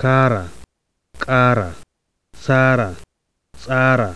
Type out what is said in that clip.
kara ƙara tsara tsara